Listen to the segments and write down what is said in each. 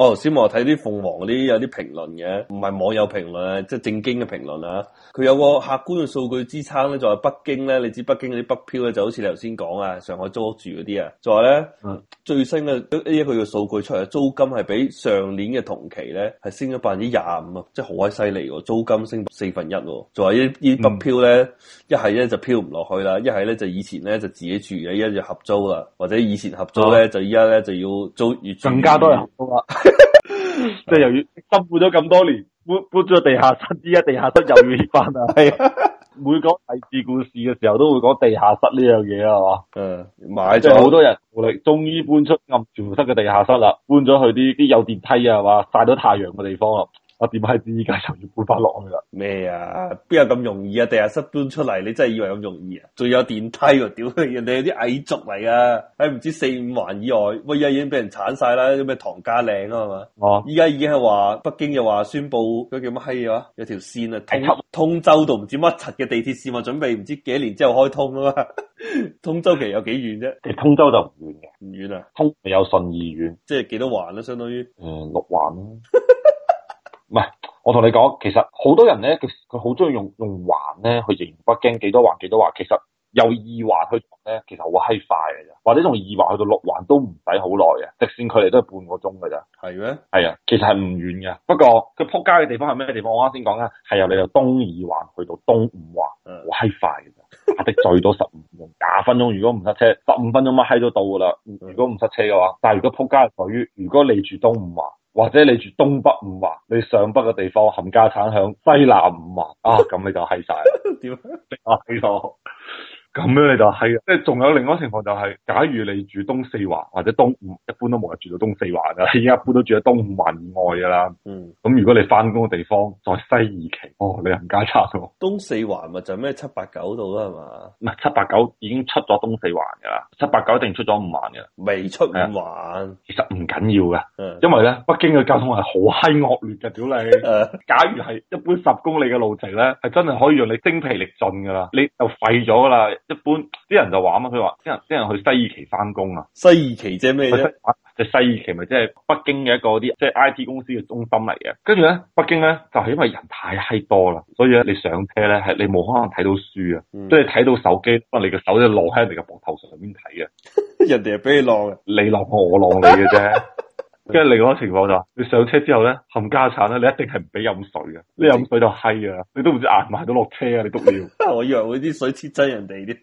哦，頭先我睇啲鳳凰嗰啲有啲評論嘅，唔係網友評論，即係正經嘅評論啊。佢有個客觀嘅數據支撐咧，就係北京咧，你知北京嗰啲北漂咧，就好似你頭先講啊，上海租屋住嗰啲啊，就話咧最新嘅呢一個數據出嚟，租金係比上年嘅同期咧係升咗百分之廿五啊，即係好閪犀利喎，租金升到四分一喎、嗯。就話呢，啲北漂咧，一係咧就漂唔落去啦，一係咧就以前咧就自己住嘅，依家就合租啦，或者以前合租咧，嗯、就依家咧就要租越更加多人合租啊。即係又要辛苦咗咁多年，搬搬咗地下室，依家地下室又要翻啊！係。 每講勵志故事嘅時候，都會講地下室呢樣嘢啊，係嘛。嗯 吧，買即係好多人，我哋終於搬出暗儲物室嘅地下室啦，搬咗去啲啲有電梯啊，係嘛，曬到太陽嘅地方。我點解知依家又要搬翻落去啦？咩啊？邊有咁容易啊？第日塞搬出嚟，你真係以為咁容易啊？仲有電梯喎、啊，屌人哋有啲矮族嚟嘅，喺唔知四五環以外，喂，依家已經俾人鏟晒啦，啲咩唐家嶺啊嘛。哦、啊，依家已經係話北京又話宣布嗰叫乜閪啊？有條線啊，通實通州到唔知乜柒嘅地鐵線，話準備唔知幾年之後開通啊嘛。 通州其期有幾遠啫？其實通州就唔遠嘅，唔遠啊？通有順義遠，即係幾多環咧、啊？相當於誒、嗯、六環啦。 唔係，我同你講，其實好多人咧，佢佢好中意用用環咧去形容北京幾多環幾多環。其實由二環去咧，其實好閪快嘅啫。或者從二環去到六環都唔使好耐嘅，直線距離都係半個鐘嘅咋。係咩嗎？係啊，其實係唔遠嘅。不過佢撲街嘅地方係咩地方？我啱先講啦，係由你由東二環去到東五環，好閪快嘅啫，打的 最多十五分鐘，廿分鐘。如果唔塞車，十五分鐘乜閪都到噶啦、mm.。如果唔塞車嘅話，但係如果撲街在於，如果你住東五環。或者你住東北五環，你上北嘅地方冚家產響西南五環啊，咁你就閪晒啦，點啊呢度？咁樣你就係、是，即係仲有另外一個情況就係、是，假如你住東四環或者東五，一般都冇人住到東四環噶，依家一般都住喺東五環外噶啦。嗯，咁如果你翻工嘅地方在西二旗，哦，你又唔揸車噶喎。東四環咪就咩七八九度啦係嘛？唔係七八九已經出咗東四環噶啦，七八九一定出咗五環噶啦。未出五環，其實唔緊要嘅，是因為咧北京嘅交通係好閪惡劣嘅，屌是你，假如係一般十公里嘅路程咧，係真係可以讓你精疲力盡噶啦，你就廢咗噶啦。一般啲人就話啊嘛，佢話啲人啲人去西二旗翻工啊，西二旗即係咩咧？即係西二旗咪即係北京嘅一個啲即係 I T 公司嘅中心嚟嘅。跟住咧，北京咧就係、是、因為人太閪多啦，所以咧你上車咧係你冇可能睇到書啊，即係睇到手機，幫可能你個手就落喺 人哋個膊頭上邊睇啊。人哋係俾你攞啊，我落你攞我攞你嘅啫。 跟住另外一個情況就係話，你上車之後咧，冚家產咧，你一定係唔俾飲水嘅，你飲水就閪啊！你都唔知挨埋到落車啊！你篤尿。 我以為佢啲水黐 真人哋啲。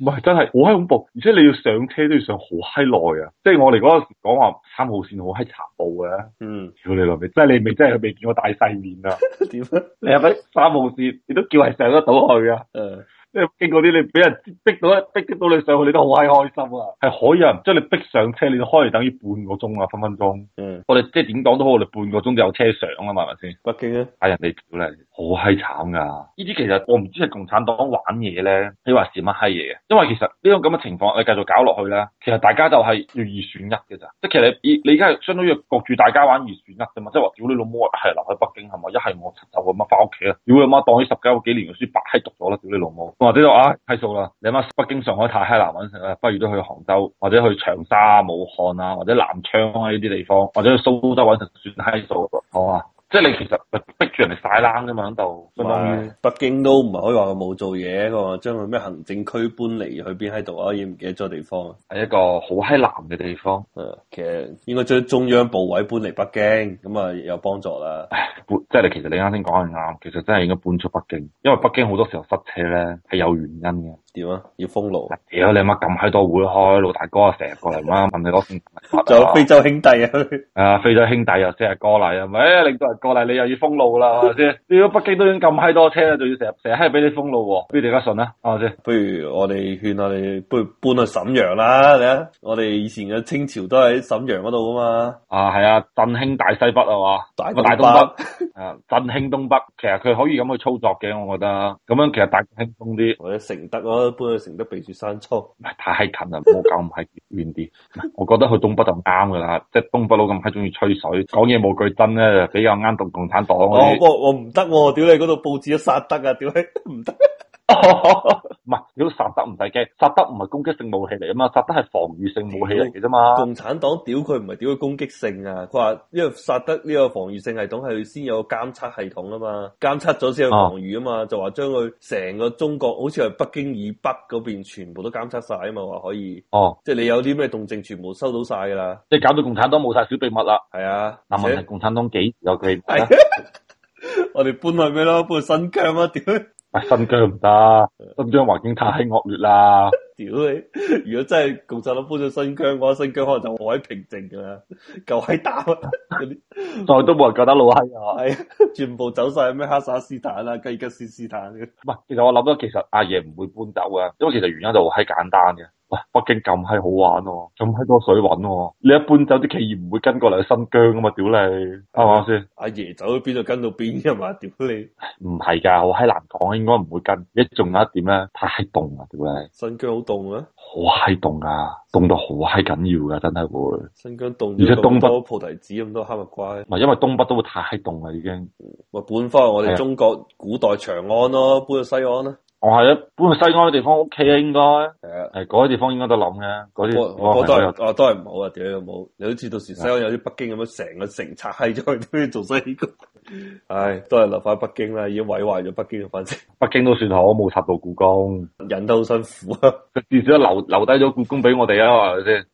唔係真係好閪恐怖，而且你要上車都要上好閪耐啊！即係我嚟嗰時講話三號線好閪殘步啊！嗯，屌你老味，即係你未真係未見過大世面啊？點 啊？你咪？三號線，你都叫係上得到去啊？嗯。即係經過啲，你俾人逼到一逼逼到你上去，你都好閪開心啊！係可以、啊、即將你逼上車，你開嚟等於半個鐘啊，分分鐘。嗯，Yeah. 我哋即係點講都好，我哋半個鐘就有車上對對 Okay.、哎、啊，嘛，係咪先？北京咧，睇人哋屌咧，好閪慘噶。呢啲其實我唔知係共產黨玩嘢咧，你話是乜閪嘢啊？因為其實呢種咁嘅情況，你繼續搞落去咧，其實大家就係二選一嘅咋，即係其實你而家係相當於焗住大家玩二選一啫嘛，即係話屌你老母，係留喺北京係咪？一係我走咁樣翻屋企啊！屌你媽，當起十幾個幾年嘅書白讀咗啦！屌你老母。或者話啊，算數啦！你阿媽北京、上海太閪難揾食啦，不如都去杭州或者去長沙、武漢啊，或者南昌啊呢啲地方，或者去蘇州都揾食算閪數啦，好啊。即係你其實逼住人哋晒冷㗎嘛喺度，相當於北京都唔係可以話冇做嘢，佢話將佢咩行政區搬嚟去邊喺度啊？而唔記得咗地、地方，係一個好閪南嘅地方。誒，其實應該將中央部委搬嚟北京咁啊，有幫助啦。搬，即係你其實你啱先講係啱，其實真係應該搬出北京，因為北京好多時候塞車咧，係有原因嘅。點啊？要封路？屌、啊、你媽咁喺多會開，老大哥啊，成日過嚟，媽問你仲有非洲兄弟啊！ 啊，非洲兄弟又、啊、即係過嚟，咪、 哎、令到人過嚟，你又要封路啦，係咪先？如果北京都已經咁閪多車啦，仲要成日成日俾你封路、啊不啊你，不如大家順啦。哦，不如我哋勸我哋不如搬去瀋陽啦。你睇下，我哋以前嘅清朝都喺瀋陽嗰度噶嘛。啊，係啊，振興大西北啊嘛，個 大東北。 啊！振興東北，其實佢可以咁去操作嘅，我覺得咁樣其實大家輕鬆啲，或者承德咯，搬去承德避暑山莊，唔係太近啊，冇搞唔係遠啲， 我覺得去東北就啱噶啦，即係東北佬咁閪中意吹水，講嘢冇句真咧，比較啱同共產黨。我我我唔得喎，屌你嗰度報紙都殺德啊，屌你唔得。 唔係，屌殺得唔使驚，殺得唔係攻擊性武器嚟啊嘛，殺得係防禦性武器嚟嘅啫嘛。共產黨屌佢唔係屌佢攻擊性啊！佢話因為殺得呢個防禦性系統係先有監測系統啊嘛，監測咗先有防禦啊嘛，就話將佢成個中國好似係北京以北嗰邊全部都監測晒啊嘛，話可以哦，即係你有啲咩動靜全部收到晒噶啦，即係、嗯、搞到共產黨冇晒小秘密啦，係啊，而且共產黨幾有佢， 我哋搬去咩咯，搬去新疆啊，屌！新疆唔得，新疆環境太惡劣啦。屌你！如果真係共產黨搬咗新疆，新疆可能就好鬼平靜噶啦，夠閪打啊！嗰啲再都冇人夠膽老閪啊！全部走晒咩哈薩斯坦啊、吉爾吉斯斯坦嘅。唔係，其實我諗到其實阿爺唔會搬走啊，因為其實原因就好閪簡單嘅。哇！北京咁閪好玩喎、啊，咁閪多水玩喎、啊。你一搬走啲企業唔會跟過嚟新疆噶嘛？屌你，係咪先？阿爺、啊、走去邊就跟到邊噶嘛？屌你，唔係噶，好閪難講，應該唔會跟。一仲有一點咧，太凍啊！屌你、啊，啊、新疆好凍啊？好閪凍啊，凍到好閪緊要噶，真係會。新疆凍，而且東北菩提子咁多哈密瓜、啊。唔係因為東北都會太閪凍啦，已經。喂，搬翻去我哋中國古代長安咯，搬到西安啦。我係啊，搬去西安啲地方 OK 啊，應該係啊，嗰啲 Yeah. 地方應該都諗嘅，啲我，我、啊、我都，我都係唔好啊，屌有冇，你好似到時西安有啲北京咁樣，成個城拆咗去，都要做西工。唉、 哎，都係留翻北京啦，已經毀壞咗北京嘅份子，反正北京都算好，冇拆到故宮，人都好辛苦啊， 至少留留低咗故宮俾我哋啊，係咪先？